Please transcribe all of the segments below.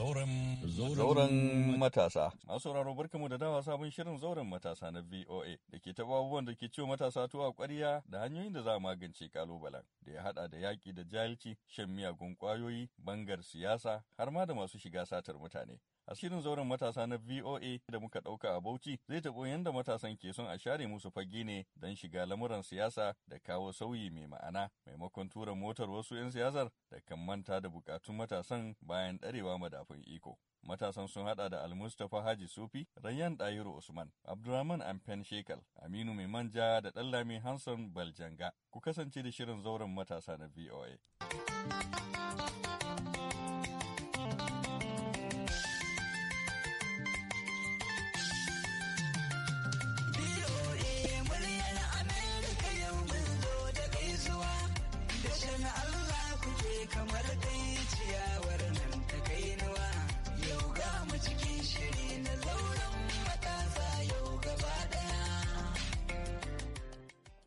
Zauren Zauren matasa. Masu sauraro barkamu da dawa sabon shirin zauren matasa na VOA da ke taɓa abubuwan da ke ciwo matasa tuwa ƙwarya da hanyoyin da za a magance kalubalen da ya haɗa da yaƙi da jahilci, shan miyagun ƙwayoyi, bangar siyasa har ma da masu shiga satar mutane. A shirin zauren matasa na VOA da muka ɗauka a Bauchi zai taɓo yadda matasan ke son a share musu fage ne don shiga lamuran siyasa da kawo sauyi mai ma'ana maimakon tura motar wasu 'yan siyasar da kan manta da bukatun matasan bayan ɗarewa madafun iko. Matasan sun haɗa da Almustapha Haji Sufi, Rayyan Dayiru Usman, Abdurrahman Amfen Shekal, Aminu Mai Manja da Ɗallami Hanson Baljanga. Ku kasance da shirin zauren matasa na VOA.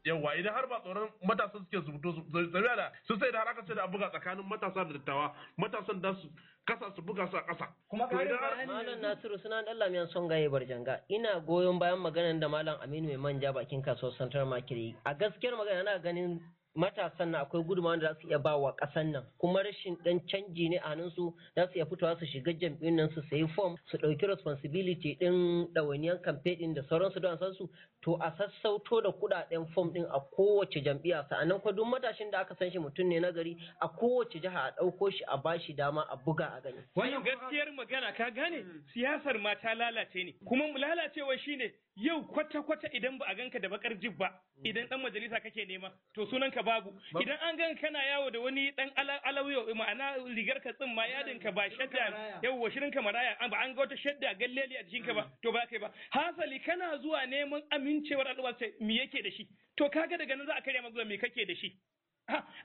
yawa idan har ba tsoron matasa suke su fito sabiya da su sai da har aka ce da buga tsakanin matasa da dattawa matasan da su kasa su buga su a kasa kuma karin bayani malam nasiru suna dan lamiyan son gaye barjanga ina goyon bayan maganar da malam aminu mai manja bakin kasuwar central market a gaskiyar magana ana ganin matasan na akwai gudunmawar da za su iya ba wa ƙasan nan kuma rashin ɗan canji ne a su za su iya fitowa su shiga jam'in nan su sayi form su ɗauki responsibility ɗin ɗawainiyar campaign ɗin da sauransu don san su to a sassauto da kuɗaɗen form ɗin a kowace jam'iyya sa'annan kuma duk matashin da aka san shi mutum ne na gari a kowace jiha a ɗauko shi a bashi dama a buga a gani. wannan gaskiyar magana ka gane mm. siyasar ma ta lalace ne kuma lalacewa shine yau kwata-kwata idan ba a ganka da bakar jib ba mm. idan dan majalisa kake nema to sunan ka babu idan an gan kana yawo da wani dan alawiyo ma'ana rigar ka tsin ma yadin ka ba shadda yawo shirin ka maraya an ba an ga wata shadda galleli a jikin ka ba mm. to ba kai ba hasali kana zuwa neman amincewar al'umma sai me yake da shi to kaga daga nan za a karya maka me kake da shi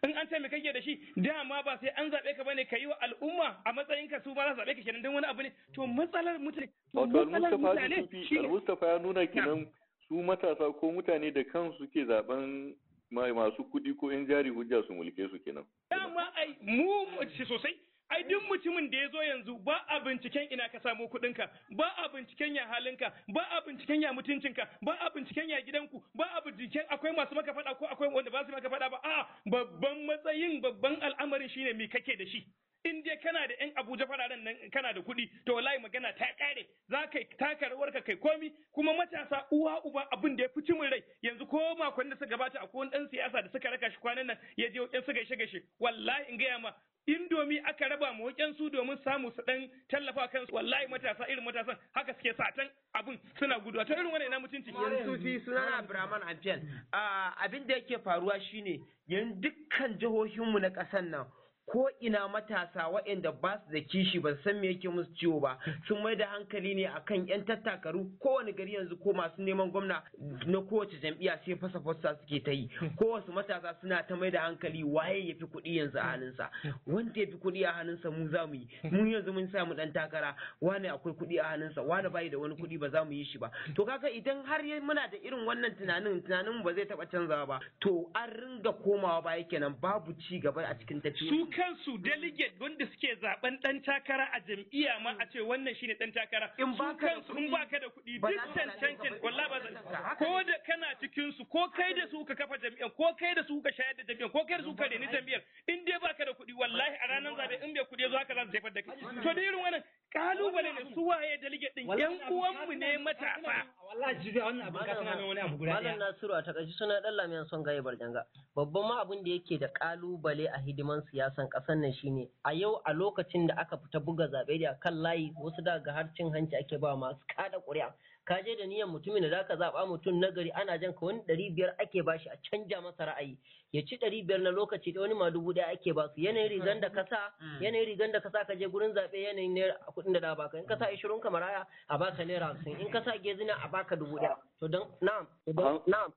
in an ce me kake da shi dama ba sai an zaɓe ka bane ka yi wa al'umma a matsayin ka su ba za zaɓe ka kenan don wani abu ne to matsalar mutane to matsalar mutane shi Mustafa ya nuna kenan su matasa ko mutane da kansu ke zaben mai masu kuɗi ko yan jari hujja su mulke su kenan. Dama ai mu sosai ai duk mutumin da ya zo yanzu ba a binciken ina ka samu kuɗinka ba a binciken ya halinka ba a binciken ya mutuncinka ba a binciken ya gidanku ba a binciken akwai masu maka faɗa ko akwai wanda ba su maka faɗa ba a'a babban matsayin babban al'amarin shine me kake da shi. in dai kana da yan Abuja fararen nan kana da kuɗi to wallahi magana ta kare za ka taka rawar ka kai komi kuma matasa uwa uba abin da ya fi cimin rai yanzu ko makon da suka gabata akwai wani dan siyasa da suka raka shi kwanan nan ya je yan suka gaishe wallahi in gaya ma indomi aka raba mu su domin samu su dan tallafa kansu wallahi matasa irin matasan haka suke satan abin suna guduwa to irin wannan na mutunci yanzu fi suna Abraman Abdel ah, abin da yake faruwa shine yanzu dukkan jihohinmu na kasan nan ko ina matasa waɗanda ba su da kishi ba san me yake musu ciwo ba sun mai da hankali ne akan yan tattakaru kowane gari yanzu ko masu neman gwamna na kowace jam'iya sai fasa fasa suke ta yi Ko wasu matasa suna ta mai da hankali waye ya fi kuɗi yanzu a hannunsa wanda ya fi kuɗi a hannunsa mu za mu yi mun yanzu mun sa mu ɗan takara wani akwai kuɗi a hannunsa wani bai da wani kuɗi ba za mu yi shi ba to kaga idan har muna da irin wannan tunanin tunanin ba zai taɓa canzawa ba to an ringa komawa baya kenan babu ci gaba a cikin tafiya kansu delegate wanda suke zaben dan takara a jam'iyya ma a ce wannan shine dan takara in ba kansu in ka da kuɗi duk tension wallahi ba zan ko da kana cikin su ko kai da su ka kafa jam'iyyar ko kai da su ka shayar da jam'iyyar ko kai da su ka reni jam'iyyar in dai ba ka da kuɗi wallahi a ranar zabe in bai kuɗi zo haka za su jefar da kai to da irin wannan kalubale da su waye dalige din yan uwanmu ne matafa wallahi jibi wannan abin ka tana wani abu guda malam nasiru a takaice suna dan lamiyan son gaye barjanga babban ma abin da yake da kalubale a hidiman siyasan kasan nan shine a yau a lokacin da aka fita buga zabe da kan layi wasu daga har cin hanci ake ba masu kada ƙuri'a ka je da niyan mutumin da zaka zaba mutum na gari ana jan ka wani ɗari biyar ake bashi a canja masa ra'ayi ya ci ɗari biyar na lokaci da wani ma dubu ɗaya ake ba su yanayin rigan da kasa mm. yanayin rigan da kasa ka je gurin zaɓe yanayin naira kuɗin da baka in kasa mm. ishirin ka maraya a baka naira hamsin in kasa gezina a baka dubu ɗaya to don na'am na'am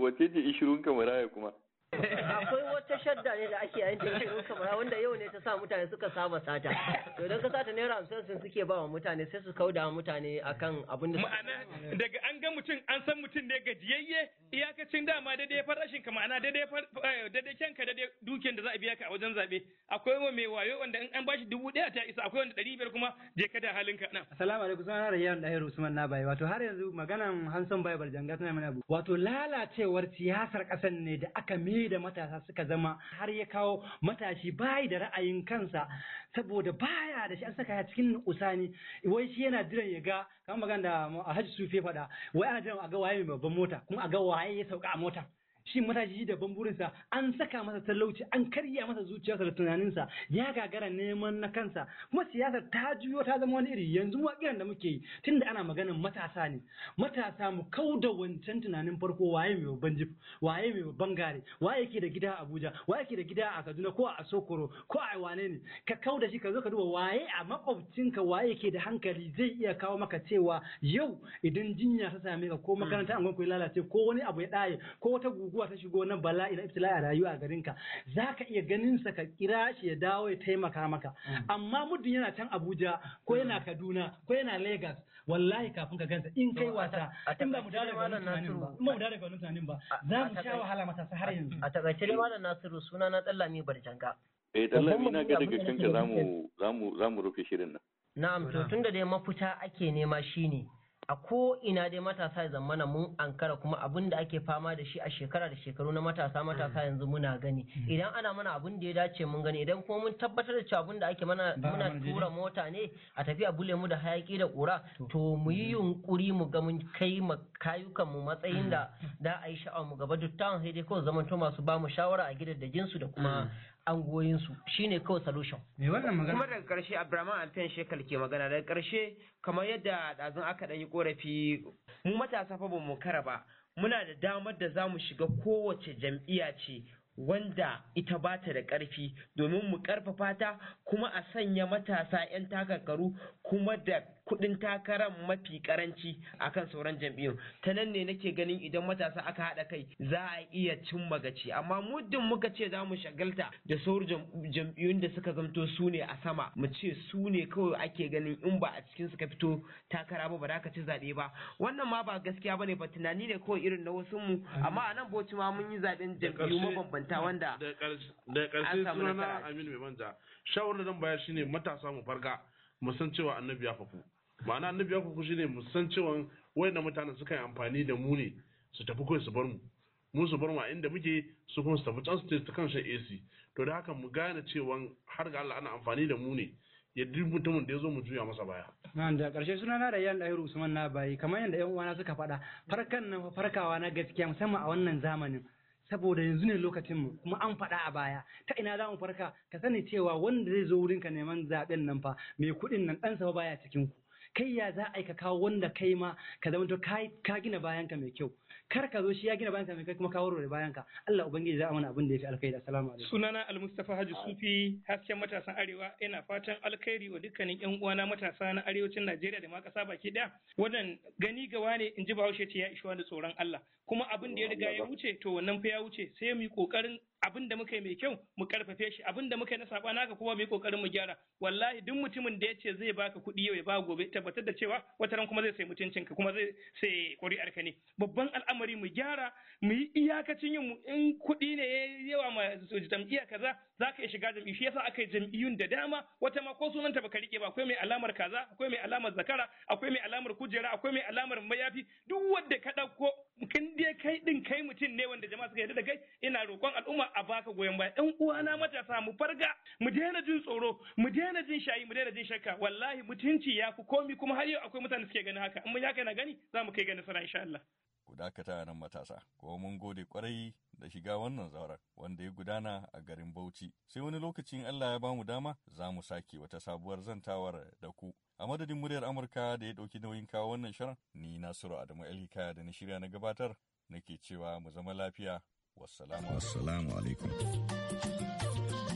wace ce ishirin ka maraya kuma akwai wata shadda ne da ake yayin da yake kamar wanda yau ne ta sa mutane suka saba sata to idan ka sata naira hamsin sun suke ba wa mutane sai su kauda mutane akan abin da ma'ana daga an ga mutum an san mutum ne gajiyayye iyakacin dama daidai fara shinka ma'ana daidai eh, daidai kyanka daidai dukiyar da za a biya ka a wajen zabe akwai wa mai wayo wanda in an bashi dubu ɗaya ta isa akwai wanda ɗari biyar kuma je ka da halinka na assalamu alaikum sunana rayyan hairu usman na bai wato har yanzu maganan hanson bible janga tana mana wato lalacewar siyasar ƙasar ne da aka mi ne da matasa suka zama har ya kawo matashi bayi da ra'ayin kansa saboda baya da shi an saka ya cikin usani wai shi yana jiran ya ga kamar magana da a Hajji sufe faɗa wai ana jiran a ga waye mai babban mota kuma a ga waye ya sauka a mota shi matashi da sa an saka masa talauci an karya masa zuciyarsa da tunaninsa ya gagara neman na kansa kuma siyasar ta juyo ta zama wani iri yanzu waƙiran da muke yi da ana maganin matasa ne matasa mu kau da wancan tunanin farko waye mai babban jif waye mai babban gare waye yake da gida a Abuja waye yake da gida a Kaduna ko a Sokoro ko a wane ne ka kau da shi ka zo ka duba waye a makwabcinka waye ke da hankali zai iya kawo maka cewa yau idan jinya ta same ka ko makaranta an ya lalace ko wani abu ya daye ko wata guguwa abubuwa ta shigo na bala'i na ibtila'i a rayuwa a garin ka za ka iya ganin sa ka kira shi ya dawo ya taimaka maka mm. amma muddin yana can Abuja ko yana mm. Kaduna ko yana Lagos wallahi kafin ka gansa in kai wasa in ba mu dawo daga wannan tunanin ba mu wannan tunanin ba za mu sha wahala matasa har yanzu a takaice ne malam Nasiru suna na Dallami Barjanga eh Dallami na ga daga kanka zamu zamu zamu rufe shirin nan na'am to tunda dai mafita ake nema shine a ko ina dai matasa ya zamana mun ankara kuma abin da ake fama da shi a shekara da shekaru na matasa matasa mm. yanzu muna gani mm. idan ana mana abin da ya dace mun gani idan kuma mun tabbatar da cewa abin da ake mana muna tura mota ne a tafi a bule mu da hayaki da kura to mu yi mm. yunkuri mu ga mun kai kayukan mu matsayin da da a yi sha'awar mu gaba dukkan sai dai kawai zamanto masu ba mu shawara a gidan jinsu da kuma su shine kawai solution kuma daga karshe abdurrahman alfen shekal ke magana daga karshe kamar yadda dazun aka ɗan yi korafi mu matasa fa mu kara ba muna da damar da zamu shiga kowace jam'iyya ce wanda ita ba ta da ƙarfi domin mu ƙarfafa ta kuma a sanya matasa 'yan takakaru kuma da kuɗin takaran mafi karanci akan sauran jam'iyyun ta nan ne nake ganin idan matasa aka haɗa kai za a iya cin magaci amma muddin muka ce za mu shagalta da sauran jam'iyyun da suka zamto su ne a sama mu ce su ne kawai ake ganin in ba a cikin suka fito takara ba ba za ka ci zaɓe ba wannan ma ba gaskiya ba ne ba tunani ne kawai irin na wasu mu amma a nan bauchi ma mun yi zaɓen jam'iyyu mabambanta wanda da ƙarshe sunana Aminu Mai Manja shawarar da zan bayar shine matasa mu farga mu san cewa annabi ya fafu ma'ana annabi ya kuku mu san cewa wayannan mutanen suka yi amfani da mu ne su tafi kai su bar mu mu su bar mu a inda muke su kuma su tafi can su ta su shan AC to da haka mu gane cewa har ga Allah ana amfani da mu ne ya mutumin da ya zo mu juya masa baya. Na'am da ƙarshe suna na da yan ɗairu Usman na bayi kamar yadda ƴan uwana suka faɗa farkan nan farkawa na gaskiya musamman a wannan zamanin saboda yanzu ne lokacin mu kuma an faɗa a baya ta ina za mu farka ka sani cewa wanda zai zo wurinka neman zaɓen nan fa mai kuɗin nan ɗansa baya cikin ku kai ya za a ka kawo wanda kai ma ka zama to ka gina bayanka mai kyau kar ka zo shi ya gina bayanka mai kyau kuma ka warware bayanka Allah ubangiji za a mana abin da yafi alkhairi assalamu alaikum sunana almustafa haji sufi hasken matasan arewa ina fatan alkhairi wa dukkanin yan uwana matasa na arewacin Najeriya da ma kasa baki daya wannan gani gawa ne in ji Bahaushe ce ya ishuwa da tsoron Allah kuma abin da ya riga ya wuce to wannan fa ya wuce sai mu yi kokarin abin da muka yi mai kyau mu karfafe shi abin da muka yi na saba naka kuma mu yi kokarin mu gyara wallahi duk mutumin da ya ce zai baka kuɗi yau ya ba gobe tabbatar da cewa wata ran kuma zai sai mutuncin ka kuma zai sai ƙuri'ar ka ne babban al'amari mu gyara mu yi iyakacin yin in kuɗi ne yawa ma jam'iyya kaza za ka iya shiga jam'i shi yasa aka yi jam'iyyun da dama wata ma ko sunan ta baka rike ba akwai mai alamar kaza akwai mai alamar zakara akwai mai alamar kujera akwai mai alamar mayafi duk wanda ka ɗauko kin dai kai din kai mutum ne wanda jama'a suka yarda da kai ina roƙon al'umma a baka goyon baya ɗan uwana matasa mu farga mu daina jin tsoro mu daina jin shayi mu daina jin shakka wallahi mutunci ya fi komi kuma har yau akwai mutane suke ganin haka Amma ya kai na gani za mu kai ga nasara insha Allah ku dakata nan matasa, kuma mun gode kwarai da shiga wannan zauren wanda ya gudana a garin Bauchi. Sai wani lokacin Allah ya bamu dama za mu sake wata sabuwar zantawar da ku. A madadin muryar Amurka da ya ɗauki nauyin kawo wannan shirin, ni Nasiru Adamu Elika da na shirya na gabatar, nake cewa mu zama lafiya. Wassalamu alaikum.